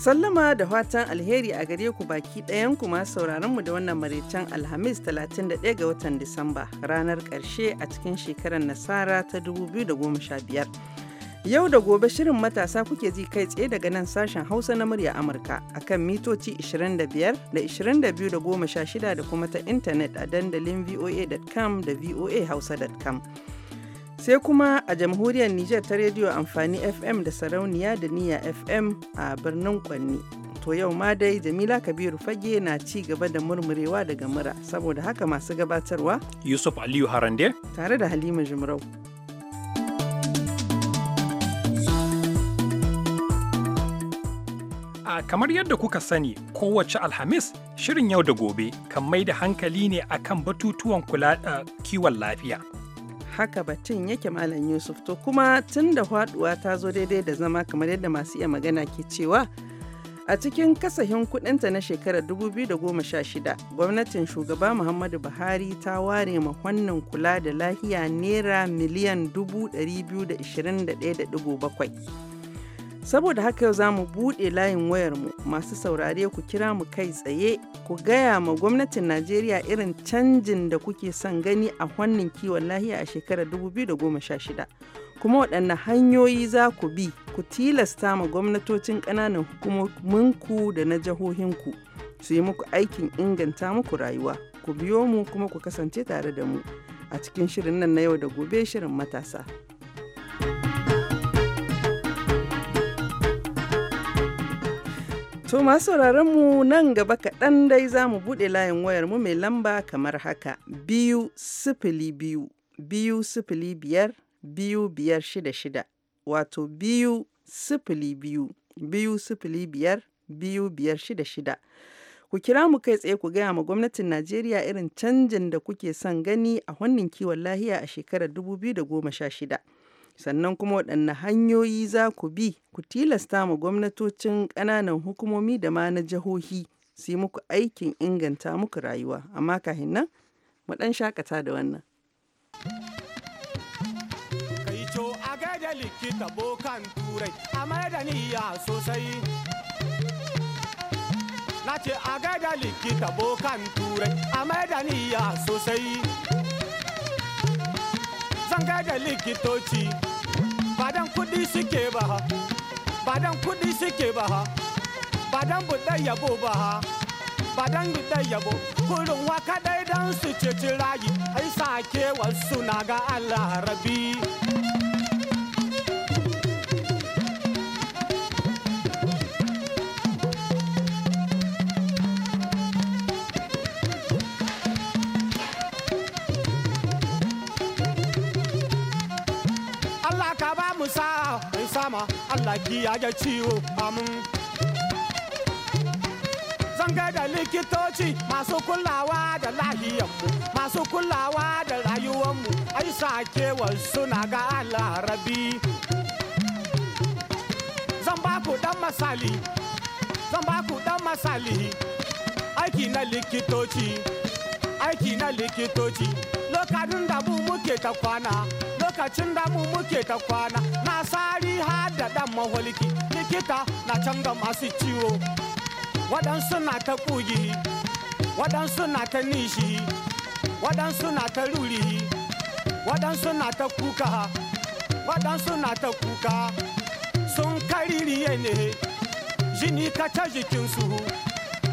Sallama da fatan alheri a gare ku baki ɗayan kuma mu da wannan maraicen Alhamis 31 ga watan Disamba ranar ƙarshe a cikin shekarar nasara ta 2015. Yau da gobe shirin matasa kuke ji kai tsaye daga nan sashen Hausa na murya Amurka akan mitoci 25 da 22 da 16 da kuma ta intanet a dandalin voa.com da voahausa.com. sai kuma a jamhuriyar Nijar ta rediyo amfani FM da sarauniya da niya FM a birnin Kwanni. To yau ma dai Jamila Kabiru Fage na ci gaba da murmurewa daga mura saboda haka masu gabatarwa Yusuf Aliyu Harande tare da Halima Jumrau. A kamar yadda kuka sani kowace Alhamis shirin yau da gobe kan mai da hankali ne akan batutuwan kula da eh, kiwon lafiya. haka batun yake malam yusuf to kuma tun da haduwa ta zo daidai da zama kamar yadda masu iya magana ke cewa a cikin kasahin kudinta na shekarar 2016 gwamnatin shugaba muhammadu buhari ta ware mahwannin kula da lahiya naira miliyan 221.7 Saboda haka yau za mu buɗe layin wayarmu masu saurare ku kira mu kai tsaye ku gaya ma gwamnatin Najeriya irin canjin da kuke son gani a fannin kiwon lahiya a shekarar 2016. Kuma waɗanne hanyoyi za ku bi ku tilasta ma gwamnatocin ƙananan hukumominku da na jihohinku su yi muku aikin inganta muku rayuwa. Ku biyo mu kuma ku kasance tare da mu a cikin shirin nan na yau da gobe shirin matasa. To masu mu nan gaba kaɗan dai za mu buɗe layin wayar mu mai lamba kamar haka biyu sifili biyu biyu sifili biyar biyu biyar shida shida wato biyu sifili biyu biyu sifili biyar biyu biyar shida shida. Ku kira mu kai tsaye ku gaya ma gwamnatin Najeriya irin canjin da kuke son gani a wannan kiwon lahiya a shekarar 2016. sannan kuma waɗanne hanyoyi za ku bi ku tilasta ma gwamnatocin ƙananan hukumomi da ma na jihohi su yi muku aikin inganta muku rayuwa amma kahin nan mu ɗan shakata da wannan Nace a gaida likita bokan turai a da niyya sosai na a gaida likita bokan turai a da niyya sosai zanga da likitoci dan kudi suke ba ha dan kudi suke ba ha dan buɗe yabo ba ha dan buɗe yabo kurin waka dai dan su ceci rayu ai sake wasu na ga Allah rabi Allah kiyaye ciwo da likitoci masu kulawa da lahiyanmu masu kulawa da rayuwanmu ai sakewar suna ga Allah rabi zan ba ku dan masali zan ba ku dan masali aiki na likitoci aiki na likitoci lokacin da mu muke ta kwana lokacin da mu muke ta kwana na sari har da dan maholiki likita na can ga masu ciwo waɗansu na ta ƙugi waɗansu na ta nishi waɗansu na ta ruri waɗansu na ta kuka waɗansu na ta kuka sun kariri ne jini ka ta jikinsu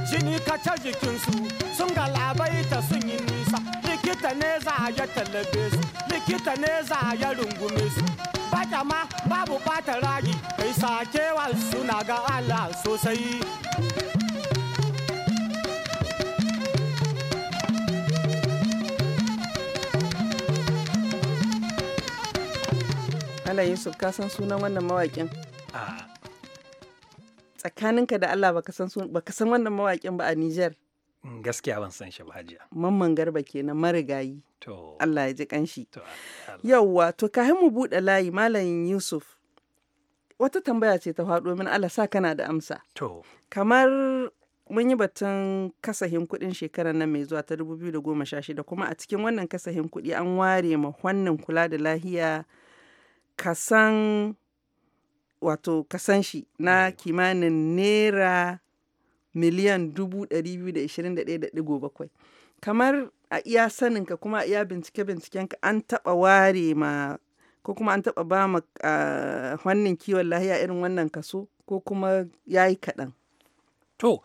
jini ka jikinsu sun galabaita sun yi nisa likita ne za ya talabe su likita ne za ya rungume su bata ma babu bata ragi kai sakewa suna ga Allah sosai Ala Yusuf sunan wannan mawaƙin? Ah. tsakaninka da Allah baka san baka san wannan mawaƙin ba a Niger gaskiya ban san shi ba hajiya mamman garba kenan marigayi to Allah ya ji kanshi yauwa to kahin mu buɗe layi malam Yusuf wata tambaya ce ta faɗo min Allah sa kana da amsa. To. Kamar mun yi batun kasahin kuɗin shekarar nan mai zuwa ta 2016 kuma a cikin wannan kasahin kuɗi an ware ma wannan kula da lahiya kasan wato kasan shi na kimanin naira miliyan 221.7 kamar a iya saninka kuma a iya bincike ka an taɓa ware ma ko kuma an taɓa ba ma wannan kiwon lahiya irin wannan kaso ko kuma ya yi kaɗan. To,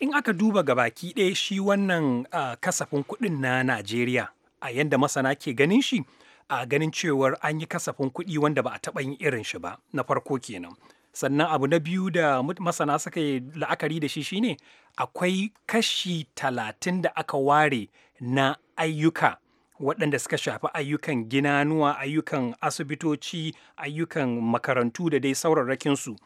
in aka duba ga baki ɗaya shi wannan kasafin kuɗin na Najeriya a yadda masana ke ganin shi a ganin cewar an yi kasafin kuɗi wanda ba a taɓa yin irin shi ba na farko kenan sannan abu na biyu da masana suka yi la'akari da shi shine akwai kashi talatin da aka ware na ayyuka waɗanda suka shafi ayyukan ginanuwa ayyukan asibitoci ayyukan makarantu da dai saurarrakinsu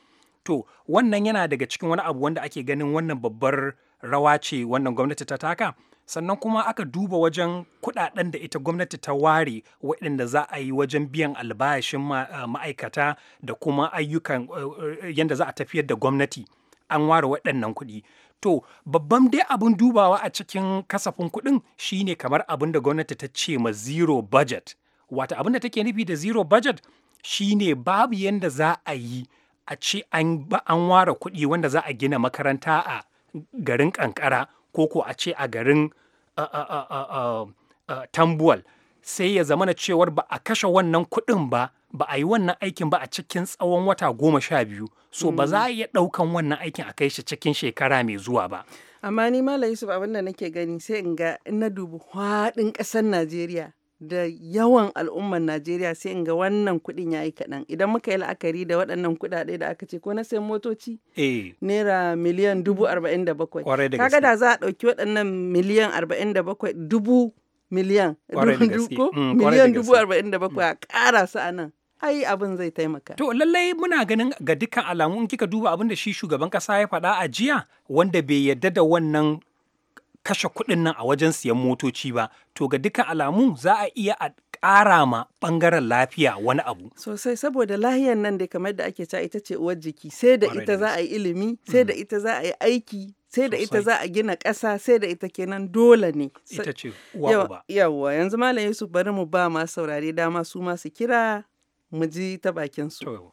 to wannan yana daga cikin wani abu wanda ake ganin wannan babbar rawa ce wannan gwamnati ta taka sannan kuma aka duba wajen kudaden da ita gwamnati ta ware waɗanda za a yi wajen biyan albashin eh, ma'aikata da kuma ayyukan eh, eh, yadda za a tafiyar da gwamnati an ware waɗannan kuɗi to babban dai abin dubawa a cikin kasafin kuɗin shine kamar abin da gwamnati ta ce ma zero budget wata abin da take nufi da zero budget shine babu yadda za a yi a ce an ware kuɗi wanda za a gina makaranta a garin kankara ko ko a ce a garin tambuwal sai ya zama na cewar ba a kashe wannan kuɗin ba ba a yi wannan aikin ba a cikin tsawon wata goma sha biyu so ba za a iya ɗaukan wannan aikin a kai shi cikin shekara mai zuwa ba amma ni Malam yusuf abin da nake gani sai in ga na dubi haɗin ƙasar najeriya da yawan al'ummar Najeriya sai in ga wannan kuɗin ya yi kaɗan idan muka yi la'akari da waɗannan kuɗaɗe da aka ce ko na sayan motoci eh. naira miliyan dubu arba'in da bakwai kaga da za a ɗauki waɗannan miliyan arba'in da bakwai dubu miliyan mm, miliyan dubu arba'in da bakwai a ƙara su a nan ai abin zai taimaka. To lallai muna ganin ga dukkan alamu in kika duba abin da shi shugaban kasa ya faɗa a jiya wanda bai yarda da wannan kashe kuɗin nan a wajen siyan motoci ba to ga duka alamu za a iya a ƙara ma ɓangaren lafiya wani abu. Sosai saboda lahiyar nan da kamar da ake ca ita ce uwar jiki sai da ita za a yi ilimi sai da mhm. ita za a yi aiki sai da ita za a gina ƙasa sai da ita kenan dole ne. Ita ce uwa Yawwa yanzu Malam Yusuf bari mu ba ma saurare dama su masu kira mu ji ta bakin su.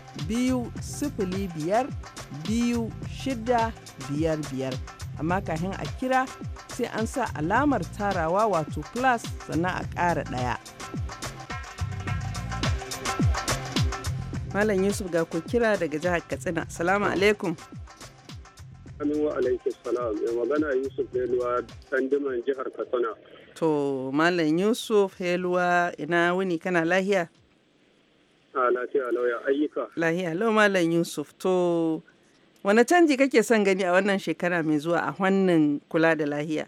biyu sifili biyar biyu shida biyar biyar amma kafin a kira sai an sa alamar tarawa wato plus sannan a ƙara ɗaya. Malam Yusuf ga ku kira daga jihar Katsina. Salamu alaikum. wa alaikum salam. Ya magana Yusuf Heluwa Sandiman jihar Katsina. To Malam Yusuf Heluwa ina wuni kana lahiya? A ah, lafiya lauya ayyuka. Lahiya lau Malam Yusuf to wani canji kake son gani a wannan shekara mai zuwa a wannan kula da lahiya?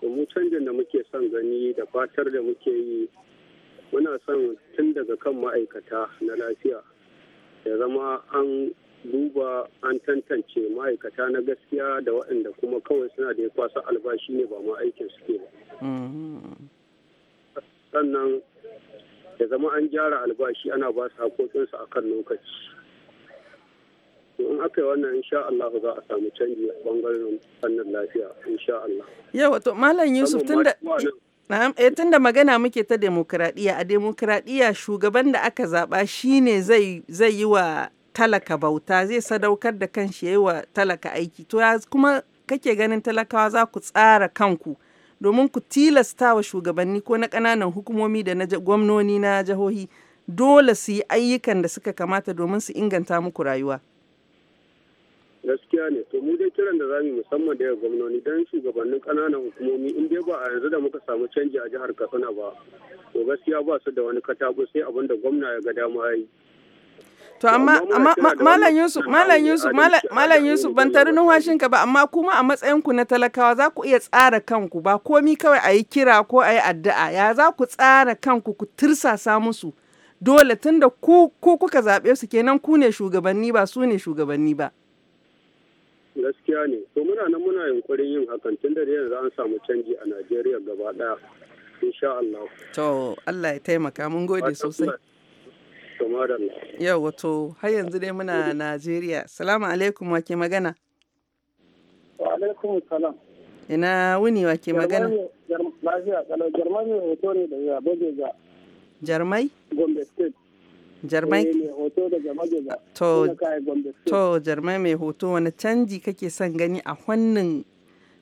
to mu canjin da muke son gani da fatar da muke yi muna son tun daga kan ma'aikata na lafiya ya zama an duba an tantance ma'aikata na gaskiya da waɗanda kuma kawai suna da ya kwasa albashi ne ba ma aikin suke ba mm-hmm. sannan da zama an gyara albashi ana ba su haƙoƙinsu a kan lokaci in aka yi wannan insha Allah za a samu canji a bangaren fannin lafiya insha Allah yau wato malam Yusuf tun da eh tunda magana muke ta demokuraɗiyya a demokuraɗiyya shugaban da aka zaɓa shi ne zai yi wa talaka bauta zai sadaukar da kanshi yi wa talaka aiki to kuma kake ganin talakawa za ku tsara kanku domin ku tilasta wa shugabanni ko na ƙananan hukumomi da na gwamnoni na jihohi dole su yi ayyukan da suka kamata domin su inganta muku rayuwa. gaskiya ne to mu dai kiran da zamu musamman da gwamnoni dan shugabannin kananan hukumomi in dai ba a yanzu da muka samu canji a jihar katsina ba to gaskiya ba su da wani katako sai abin da gwamna ya ga dama yi To amma Malam Yusuf, Malam Yusuf, Malam Yusuf ban tare numfashinka ba amma kuma a matsayin ku na talakawa za ku iya tsara kanku ba komi kawai a yi kira ko a yi addu'a ya za ku tsara kanku ku tirsasa musu dole tunda ku ku kuka zaɓe su kenan ku ne shugabanni ba su ne shugabanni ba. Gaskiya ne, to muna nan muna yunkurin yin hakan tun da yanzu an samu canji a Najeriya gaba ɗaya. Insha Allah. To Allah ya taimaka mun gode sosai. to Yau wato har yanzu dai muna Najeriya. Salamu alaikum wake magana. Wa alaikum salam. Ina wuni wake magana. Lafiya kalau jarmai ne hoto ne daga Bagega. Jarmai? Gombe State. Jarmai? ne eh, hoto daga Bagega. To, to jarmai mai hoto wani canji kake son gani a wannan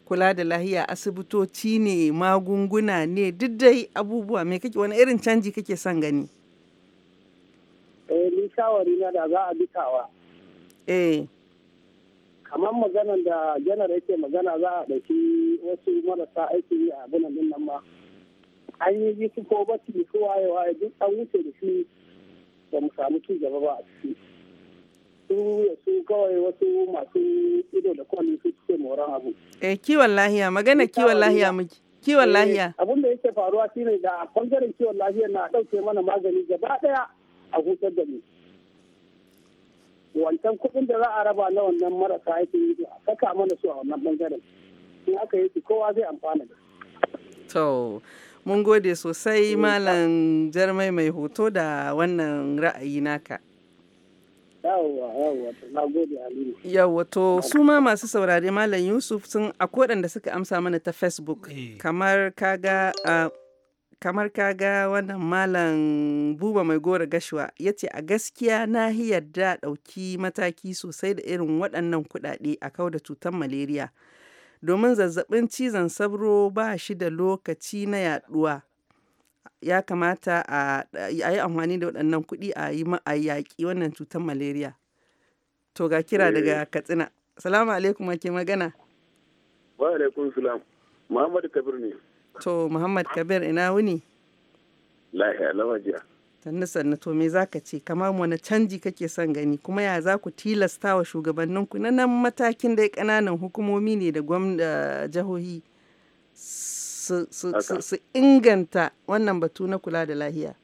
kula da lahiya asibitoci ne magunguna ne duk dai abubuwa me kake wani irin canji kake son gani? eh ni shawari na da za a dukawa eh kamar magana da janar yake magana za a ɗauki wasu marasa aiki a abin nan nan ma an yi yi su ko ba su su waye waye duk an wuce da shi ba mu samu ci gaba ba a ciki su ya su kawai wasu masu ido da kwani su suke moran abu eh kiwon lahiya magana kiwon lahiya muke kiwon eh, lahiya abin da yake faruwa shine da ɓangaren kiwon lahiya na ɗauke mana magani gaba ɗaya a hutar da mu wancan kuɗin da za a raba na wannan marasa aikin yi a saka mana su a wannan bangaren in aka yi su kowa zai amfana da to mun gode sosai mm. malam jarmai mai hoto da wannan ra'ayi naka yawwa to su ma masu saurare malam yusuf sun a da suka amsa mana ta facebook eh. kamar kaga ah, kamar kaga wannan malam buba mai gora gashuwa ya ce a gaskiya nahiyar da ɗauki mataki sosai da irin waɗannan kuɗaɗe a da cutar malaria domin zazzabin cizon sabro ba shi da lokaci na yaɗuwa ya kamata a yi amfani da waɗannan kuɗi a yi yaƙi wannan cutar malaria to ga kira eh. daga katsina salamu alaikum ake magana wa alaikum salam muhammadu kabir ne To Muhammad Kabir ina wuni? Lahiya lawajiya. Tanni sannu to me za ka ce kama wani canji kake son gani kuma ya za ku tilasta wa shugabanninku na nan matakin dai ƙananan hukumomi ne da gwamna jihohi su inganta wannan batu na kula da lahiya.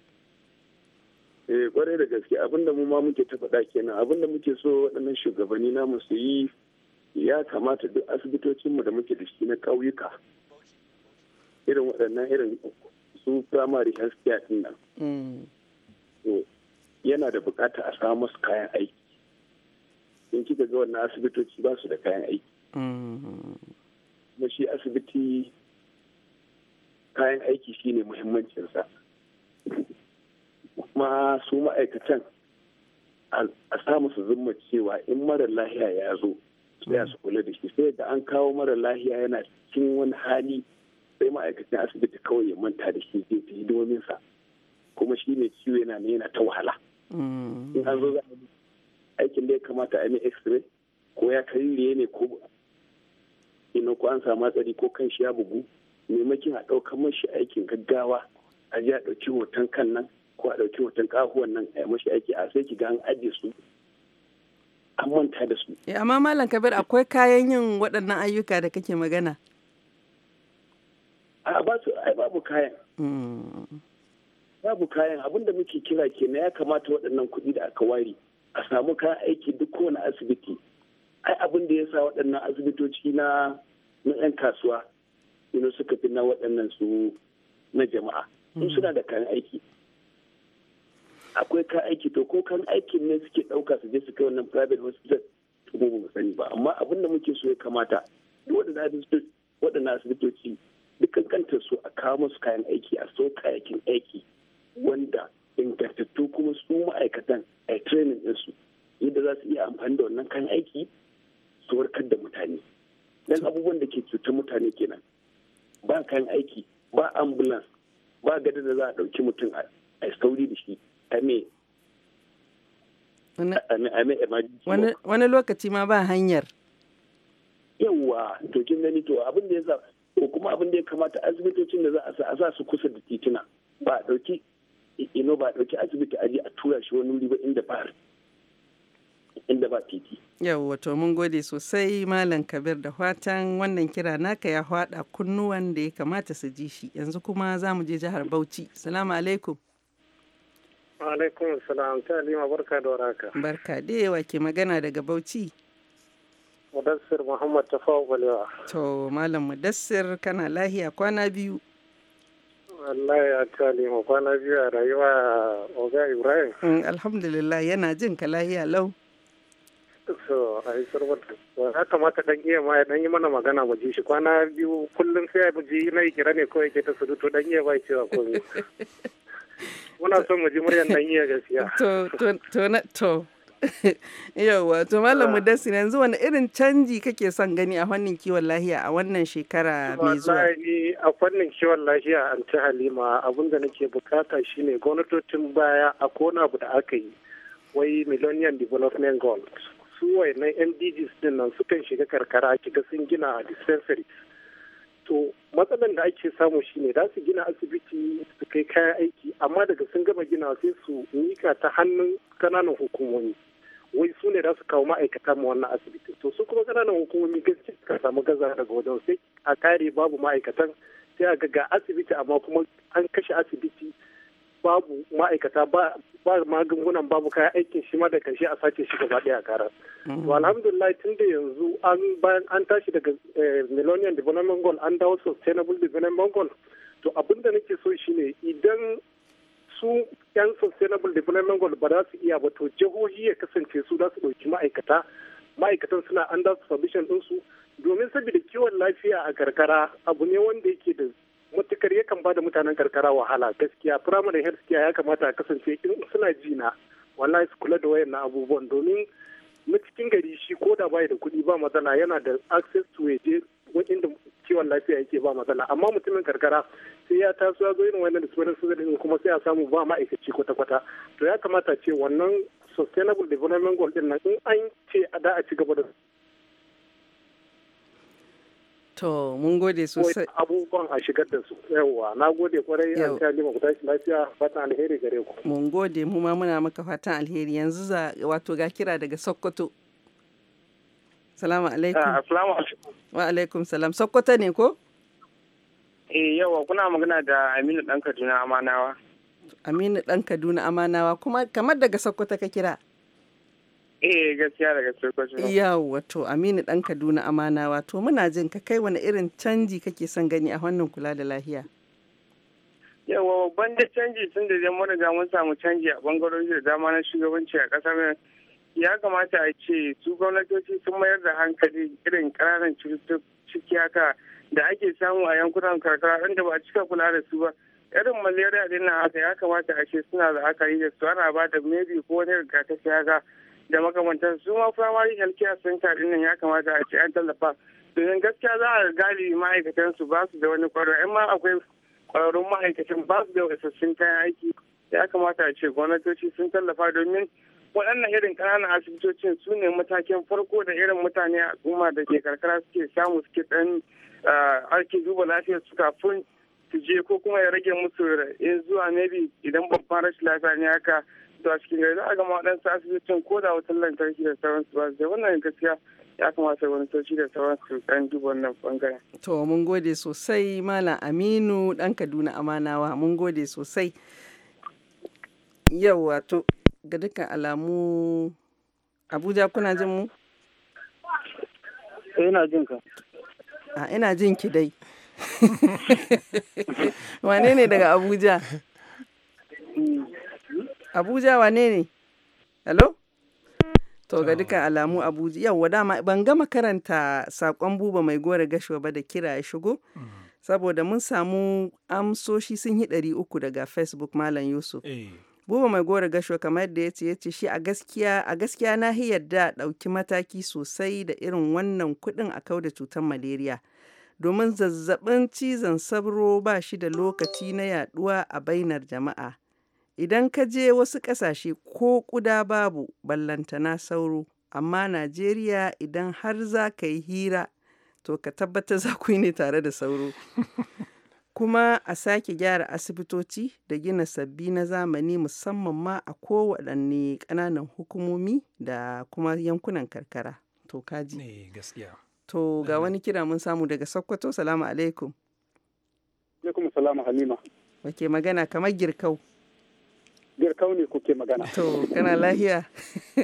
Eh kwarai da gaske abinda mu ma muke ta faɗa kenan abinda muke so waɗannan shugabanni namu su yi ya kamata duk asibitocinmu da muke da shi na ƙauyuka irin waɗannan irin su firamare health care din nan mm. yana da bukata a samu masu kayan aiki in kika ga wannan asibitoci ba su da kayan aiki mm. kuma shi asibiti kayan aiki shine muhimmancinsa kuma su ma'aikatan a samu su zumma cewa in mara lahiya ya zo sai su kula da shi sai da an kawo mara lahiya yana cikin wani hali sai ma'aikacin asibiti kawai ya manta da shi zai yi dominsa kuma shi ne ciwo yana ne yana ta wahala mm. in an zo za aikin da ya kamata a yi x-ray ko ya karire ne ko ina ko an samu hatsari ko kan shi ya bugu maimakin a ɗaukar mashi aikin gaggawa a ji a ɗauki hoton kan nan ko a ɗauki hoton ƙahuwan nan a mashi aiki a sai ki ga an ajiye su an manta da su. Eh, amma malam kabir akwai kayan yin waɗannan ayyuka da kake magana. a ba ai babu kayan mm. babu kayan abinda muke kira kenan ya kamata waɗannan kuɗi da aka ware a samu kayan aiki duk kowane asibiti ai abin ya sa waɗannan asibitoci na na 'yan kasuwa ino suka fi na waɗannan su na jama'a in mm. suna da kayan aiki akwai kayan aiki to ko kayan aikin ne suke ɗauka su je su kai wannan private hospital to mu ba sani ba amma abinda da muke so ya kamata duk waɗannan asibitoci duk kankantar su a kawo musu kayan aiki a so kayakin aiki wanda ingantattu kuma su ma'aikatan a training ɗinsu yadda za su iya amfani da wannan kayan aiki su warkar da mutane dan abubuwan da ke cutar mutane kenan ba kayan aiki ba ambulance ba gada da za a ɗauki mutum a sauri da shi a wani lokaci ma ba hanyar yawwa to kin gani to abin da ya kuma abin da ya kamata asibitocin da za a sa a su kusa da titina ba a ɗauki ino ba a ɗauki asibiti aje a tura shi wani wuri ba inda ba inda ba titi. Yau wato mun gode sosai Malam Kabir da fatan wannan kira naka ya hwada kunnuwan da ya kamata su ji shi yanzu kuma za mu je jihar Bauchi. Salamu alaikum. Alaikum salam ta barka da waraka. Barka dai wa ke magana daga Bauchi. Mudassir Muhammad Tafawa Balewa. To, Malam Mudassir kana lahiya kwana biyu. Wallahi ya tali mu kwana biyu a rayuwa Oga Ibrahim. Mm, Alhamdulillah yana jin ka lahiya lau. So, a yi sarwar ya kamata dan iya ma dan yi mana magana mu ji shi kwana biyu kullum sai ya buji na yi kira ne ko yake ta surutu dan iya bai cewa komai. Muna son mu ji muryan dan iya gaskiya. To, to, to, Yauwa, to Malam ah. Mudassir yanzu wani irin canji kake son gani a fannin kiwon lahiya a wannan shekara mai zuwa? a fannin kiwon lahiya an ci halima abin da nake bukata shine gwamnatocin baya a kona abu da aka yi wai Millennium Development Goals. Su na MDGs din nan sukan shiga karkara kiga sun gina a dispensary to matsalan da ake samu shine za su gina asibiti su kai kayan aiki amma daga sun gama gina sai su mika ta hannun kananan hukumomi wai su ne za su kawo ma'aikata ma wannan asibiti to su kuma ƙananan hukumomi gaskiya suka samu gaza daga wajen sai a kare babu ma'aikatan sai a ga asibiti amma kuma an kashe asibiti babu ma'aikata ba magungunan babu kayan aikin shi ma da karshe a sace shi gaba daya kara. To mm. alhamdulillah tun da yanzu an bayan an tashi daga eh, Millennium Development Goal an dawo Sustainable Development Goal to abin da nake so shine idan su yan sustainable development goal ba za su iya ba to jihohi ya kasance su za su ɗauki ma'aikata ma'aikatan suna under supervision ɗinsu domin saboda kiwon lafiya a karkara abu ne wanda yake da matukar yakan ba da mutanen karkara wahala gaskiya primary health care ya kamata a kasance in suna jina wallahi su kula da wayan abubuwan domin na cikin gari shi ko da bai da kuɗi ba matsala yana da access to waje inda kiwon lafiya yake ba matsala amma mutumin karkara sai ya taso ya zo irin wannan da sauran su kuma sai ya samu ba ma'aikaci kwata-kwata to ya kamata ce wannan sustainable development goal din nan in an ce a da a ci gaba da To mun gode sosai. Abubuwan a shigar da su Yawwa na gode kwarai an ta lima ku tashi lafiya fatan alheri gare ku. Mun gode mu ma muna maka fatan alheri yanzu za wato ga kira daga Sokoto. Salamu alaikum. Ah, Salamu alaikum. Wa alaikum salam. Sokoto ne ko? Eh yawa kuna magana da Aminu dan Kaduna Amanawa. Aminu dan Kaduna Amanawa kuma kamar daga Sokoto ka kira. Eh gaskiya daga Sokoto. Yawwa to Aminu dan Kaduna amana wato muna jin ka kai wani irin canji kake son gani a wannan kula da lahiya. Yawwa babban da canji tun da zai mun riga mun samu canji a bangarori da dama na shugabanci a kasar ya kamata a ce su gwamnatoci sun mayar da hankali irin ƙananan ciki haka da ake samu a yankunan karkara inda ba a cika kula da su ba irin malaria din nan haka ya kamata a ce suna da yi da su ana ba da mebi ko wani rigakafi haka da makamantan su ma primary health care center din nan ya kamata a ce an tallafa domin gaskiya za a galibi ma'aikatan su ba su da wani ƙwararru in ma akwai ƙwararrun ma'aikatan ba su da isassun kayan aiki ya kamata a ce gwamnatoci sun tallafa domin waɗannan irin ƙananan asibitocin su ne matakin farko da irin mutane a al'umma da ke karkara suke samu suke ɗan arki ah, duba lafiyar su kafin su je ko kuma ya rage musu in eh, zuwa maybe idan babban rashin lafiya ne haka fitowa cikin gari za a gama waɗansu asibitin ko da wutar lantarki da sauransu ba da wannan gaskiya ya kamata wani gwamnatoci da sauransu ɗan duba wannan bangaren. To mun gode sosai Malam Aminu ɗan Kaduna Amanawa mun gode sosai. Yau wato ga dukkan alamu Abuja kuna jin mu? Eh, ina jin ka. A ina jin ki dai. Wane ne daga Abuja? Mm. Abuja wane ne? Hello? To ga duka alamu Abuja. Yawwa dama ban gama karanta sakon buba mai gora gashuwa ba da kira ya shigo. Mhm. Saboda mun samu amsoshi sun yi ɗari uku daga Facebook Malam Yusuf. Eh. Buba mai gora gashuwa kamar yadda ya ce ya ce shi a gaskiya a gaskiya na ɗauki mataki sosai da irin wannan kuɗin a da cutar malaria. Domin zazzaɓin cizon sabro ba shi da lokaci na yaɗuwa a bainar jama'a. Idan ka je wasu ƙasashe ko ƙuda babu, ballantana sauro, amma Najeriya idan har za ka yi hira, to ka tabbatar za ku yi ne tare da sauro. Kuma a sake gyara asibitoci da gina sabbi na zamani musamman ma a kowaɗanne ƙananan hukumomi da kuma yankunan karkara. To kaji. Ne eh, To ga eh. wani kira mun samu daga Sokoto, salamu alaikum. Alaikum Wake magana kamar girkau. girkau ne kuke magana to kana lahiya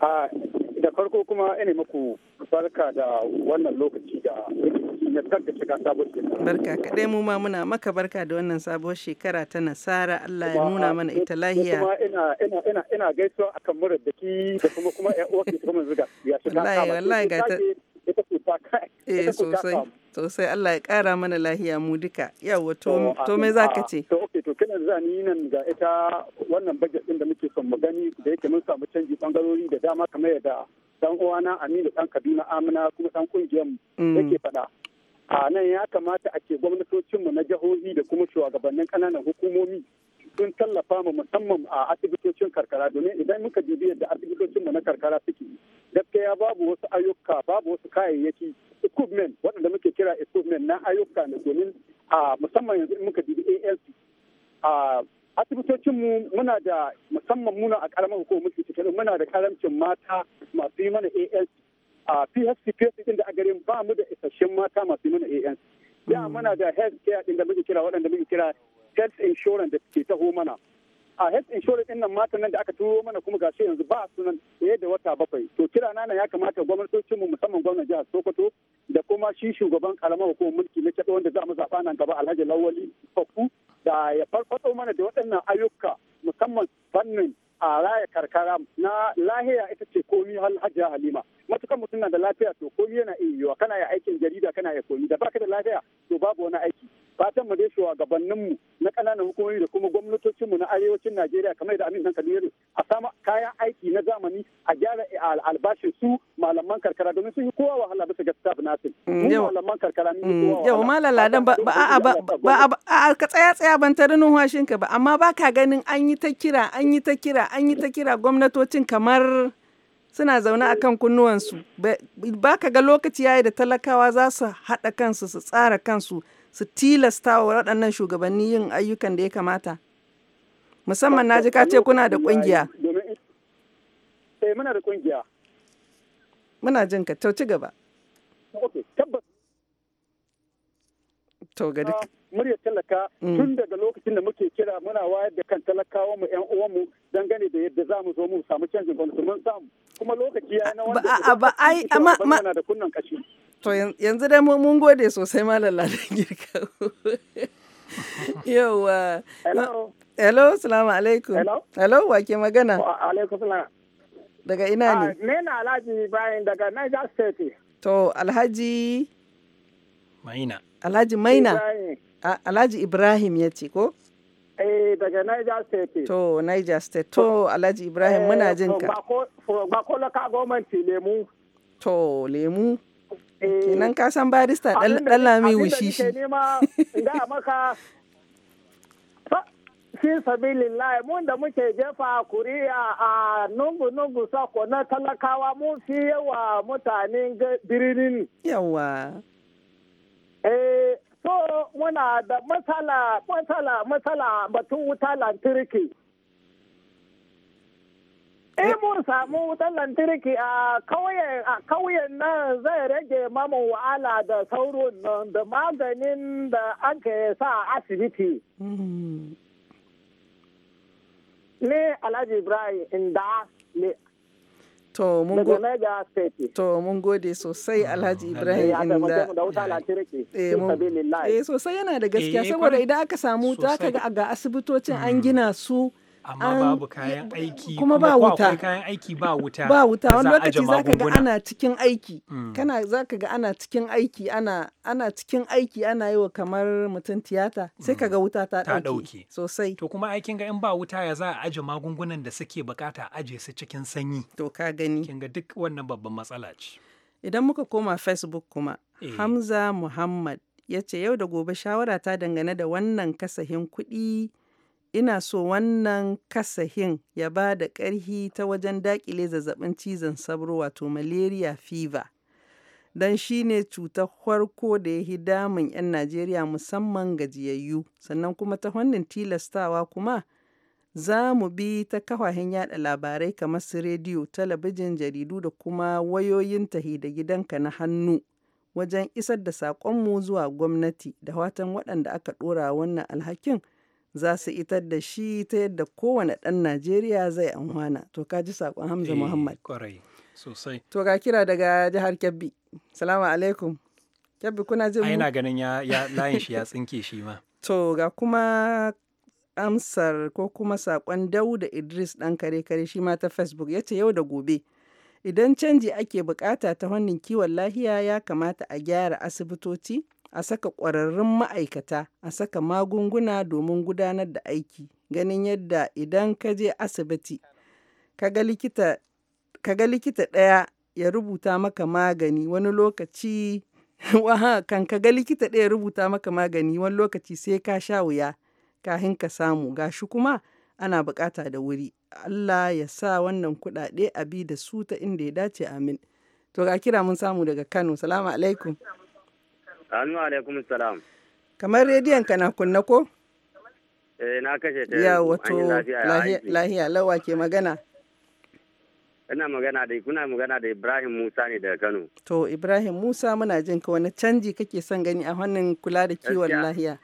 A da farko kuma ina maku barka da wannan lokaci da nasar da shiga sabon shekara. Barka kaɗai mu ma muna maka barka da wannan sabon shekara ta nasara Allah ya nuna mana ita lahiya. Kuma ina ina ina ina gaisuwa akan murar da ki da kuma kuma ƴan uwa ki kuma zuga ya shiga sabon shekara. Wallahi wallahi ga ta ita ce ta kai. Eh sosai sosai Allah ya ƙara mana lahiya mu duka. Yawwa to me za ka ce? To okay to zani za nan ga ita wannan budget din da muke son mu gani da yake mun samu canji bangarori da dama kamar yadda dan uwana Aminu dan Kaduna Amina kuma dan kungiyar mu mm. yake faɗa. A nan ya kamata a ce gwamnatocinmu na jahohi da kuma shugabannin ƙananan hukumomi sun tallafa mu musamman a asibitocin karkara domin idan muka dubi yadda mu na karkara suke gaskiya babu wasu ayyuka babu wasu kayayyaki equipment waɗanda muke kira equipment na ayyuka ne domin a musamman yanzu muka dubi ALC a mu muna da musamman muna a karamar hukumar cikin muna da karamcin mata masu yi mana ans a phc phc din da a garin ba mu da isasshen mata masu yi mana ans ya hmm. muna da health care din da muke kira waɗanda muke kira health insurance da ke taho mana a health insurance din nan matan nan da aka turo mana kuma gashi yanzu ba su nan tsaye da wata bakwai to kira nan ya kamata gwamnatocin mu musamman gwamnatin jihar Sokoto da kuma shi shugaban karamar hukumar mulki na kyaɗe wanda za mu zaba nan gaba Alhaji Lawali Fakku da ya farfado mana da waɗannan ayyuka musamman fannin a raya karkara na lahiya ita ce komi hajiya halima matukan mutum na da lafiya to komi yana iya yiwa kana ya aikin jarida kana ya komi da baka da lafiya to babu wani aiki fatan mu dai shugabanninmu na kananan hukumomi da kuma gwamnatocinmu na arewacin Najeriya kamar da Amin Kaduna a sama kayan aiki na zamani a gyara albashin su malaman karkara domin sun yi kowa wahala bisa ga staff nasin mu malaman karkara ne mm, kowa yau malam ladan ba a ba a ka tsaya tsaya ban tarinin ka ba amma baka ganin an yi ta kira an yi ta kira an yi ta kira gwamnatocin kamar suna zaune a kan kunnuwansu ba ka ga lokaci yayi da talakawa za su haɗa kansu su tsara kansu su tilasta wa waɗannan shugabanni yin ayyukan da ya kamata musamman na ji ka ce kuna da ƙungiya eh, muna da ƙungiya muna jin ka ci gaba To ga duk. Murya talaka mm. tun daga lokacin da muke kira muna wayar da kan talakawa mu yan uwanmu dangane da yadda za mu zo mu samu canjin gwamnati mun samu. Kuma lokaci ya na wanda ba ai amma da kunnan kashi. To yanzu dai mun gode sosai malam ladan girka. Yauwa. Hello. Hello, assalamu alaikum. Hello. Hello, wake magana. Alaikum salam. Daga ina ne? Ah, ne na Alhaji bayan daga Niger State. To, Alhaji. Maina. Alhaji Maina. Alhaji Ibrahim ya ce ko? Eh daga Niger State. To Niger State. To Alhaji Ibrahim eh, muna jin ka. Gbako local government lemu. To lemu. Eh, Kenan ka san barista ɗan lami wushi shi. Da maka fi sabilin lai mun da muke jefa kuri'a a nungu-nungu sako na talakawa mun fi yawa mutanen birnin. Yawa. Eh, so muna da matsala, matsala, matsala batun wuta lantarki. In eh, eh. mu samu wutan lantarki a kauyen nan zai rage mamu wahala da sauron nan da maganin da an ke sa asibiti. Mm-hmm. Ne Alhaji Ibrahim inda ne To mun go To mun gode sosai ah, Alhaji Ibrahim inda. Eh mun eh sosai yana da gaskiya eh, saboda idan aka samu ta ga asibitocin an mm. gina su. amma babu kayan aiki kuma ba wuta kayan aiki ba wuta ba wuta wani lokaci zaka ga ana cikin aiki mm. kana zaka ga ana cikin aiki ana ana cikin aiki ana yi wa kamar mutum tiyata sai kaga mm. wuta ta dauke sosai to kuma aikin ga in ba wuta ya za a aje magungunan da suke bukata aje su cikin sanyi to ka gani kin ga duk wannan babban matsala ce idan muka koma facebook kuma eh. hamza muhammad ya ce yau da gobe shawara ta dangane da wannan kasahin kuɗi Ina so wannan kasahin ya ba da ƙarhi ta wajen daƙile zazzabin cizon sabro wato malaria fever. don shi ne cutar farko da ya yi damun 'yan Najeriya musamman gajiyayyu, sannan kuma ta hannun tilastawa kuma za mu bi ta kafafen yada labarai kamar su rediyo, talabijin, jaridu da kuma wayoyin tahi da gidanka na hannu wajen isar da saƙonmu zuwa gwamnati da watan waɗanda aka ɗora wannan alhakin za su itar da shi ta yadda kowane ɗan Najeriya zai amfana. To ka ji saƙon Hamza eh, Muhammad. Kwarai sosai. To ga kira daga jihar Kebbi. Salamu alaikum. Kebbi kuna jin mu? Aina ganin ya layin shi ya tsinke shi ma. To ga kuma amsar ko kuma saƙon Dauda Idris ɗan kare kare shi ma ta Facebook ya ce yau da gobe. Idan canji ake bukata ta fannin kiwon lahiya ya kamata a gyara asibitoci a saka ƙwararrun ma'aikata, a saka magunguna domin gudanar da aiki, ganin yadda idan ka je asibiti ka ga likita ɗaya ya rubuta maka magani wani lokaci kan ka ga likita ɗaya rubuta maka magani wani lokaci sai ka sha wuya kahin ka samu gashi kuma ana bukata da wuri Allah ya sa wannan kuɗaɗe a bi da su ta inda ya dace amin to ga kira mun samu daga Kano salamu alaikum Assalamu alaikum salam. Kamar rediyon ka na kunna ko? Eh na kashe ta. Ya wato lahiya lawa ke magana. Ina magana da kuna magana da Ibrahim Musa ne daga Kano. To Ibrahim Musa muna jin ka wani canji kake son gani a wannan kula da kiwon lahiya.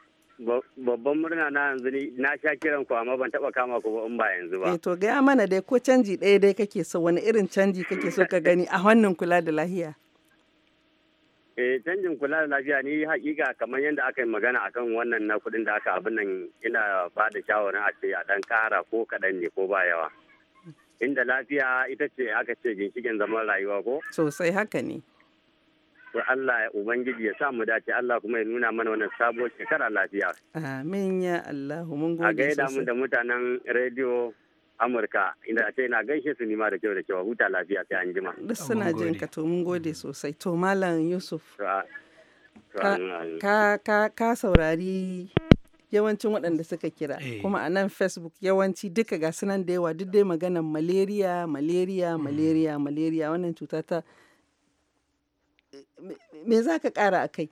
Babban murna na yanzu ni na sha kiran ku amma ban taba kama ku ba in ba yanzu ba. Eh to gaya mana dai ko canji ɗaya dai kake so wani irin canji kake so ka gani a wannan kula da lahiya. eh canjin kula da lafiya ni hakika kamar yadda aka yi magana akan wannan na kudin da aka abin nan ina ba da shawarar a ce a dan kara ko kaɗan ne ko ba yawa inda lafiya ita ce aka ce ginshikin zaman rayuwa ko sosai haka ne to Allah ya ubangiji ya sa mu dace Allah kuma ya nuna mana wannan sabo shekara lafiya amin ya Allah mun gode sosai a gaida mu da mutanen rediyo amurka inda ce na gaishe su nima da kyau da kyau huta lafiya sai an jima duk suna jin ka to mun gode sosai to malam yusuf ka saurari yawancin waɗanda suka kira eh. kuma a nan facebook yawanci duka ga sunan da yawa duk dai maganan malaria malaria mm. malaria malaria wannan cuta ta me za ka ƙara a kai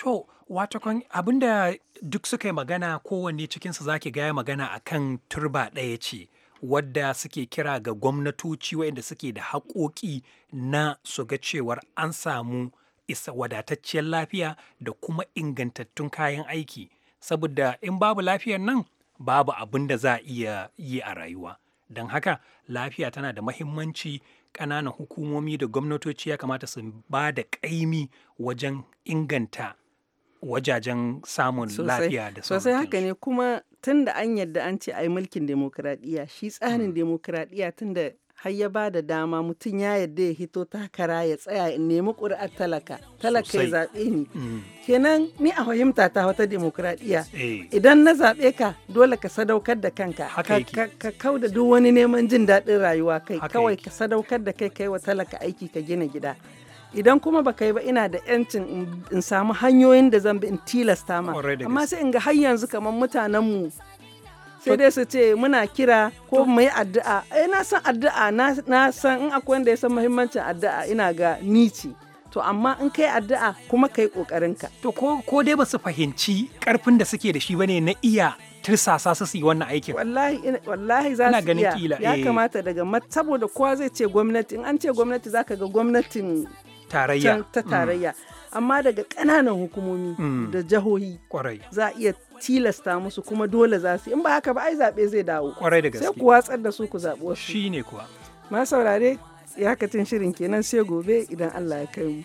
to watakon abinda duk suka yi magana kowanne cikinsu za ki gaya magana akan turba ɗaya ce wadda suke kira ga gwamnatoci waɗanda suke da haƙoƙi na su ga cewar an samu isa wadatacciyar lafiya da kuma ingantattun kayan aiki saboda in babu lafiyar nan babu abin da za a iya yi a rayuwa don haka lafiya tana da mahimmanci ƙananan hukumomi da gwamnatoci ya kamata su ba da ƙaimi wajen inganta wajajen samun lafiya da sosai haka ne kuma tun da an yadda an ce a yi mulkin demokuraɗiyya shi tsarin mm. demokuraɗiyya tun da har ya ba da dama mutum ya yadda ya hito takara ya tsaya in nemi ƙuri'ar talaka talaka ya zaɓe ni mm. kenan ni a fahimta ta wata demokuraɗiyya eh. idan na zaɓe ka dole ka sadaukar da kanka ka kau da duk wani neman jin daɗin rayuwa kai kawai ka sadaukar da kai kai wa talaka aiki ka gina gida idan kuma baka yi ba ina da yancin in samu hanyoyin da zan bi in tilasta ma amma sai in ga har yanzu kamar mutanen mu sai dai su ce muna kira ko mu yi addu'a eh na san addu'a na san in akwai wanda ya san muhimmancin addu'a ina ga nici to amma in kai addu'a kuma kai kokarin ka to ko ko dai ba su fahimci karfin da suke da shi bane na iya tirsasa su yi wannan aikin wallahi wallahi za su iya ya eh. kamata daga saboda kowa zai ce gwamnati in an ce gwamnati zaka ga gwamnatin tarayya ta mm. tarayya amma daga ƙananan hukumomi mm. da jihohi kwarai za a iya tilasta musu kuma dole za su in ba haka ba ai zaɓe zai dawo kwarai da gaske sai ku watsar da su ku zaɓi wasu shine kuwa ma saurare iyakacin shirin kenan sai gobe idan Allah ya kai mu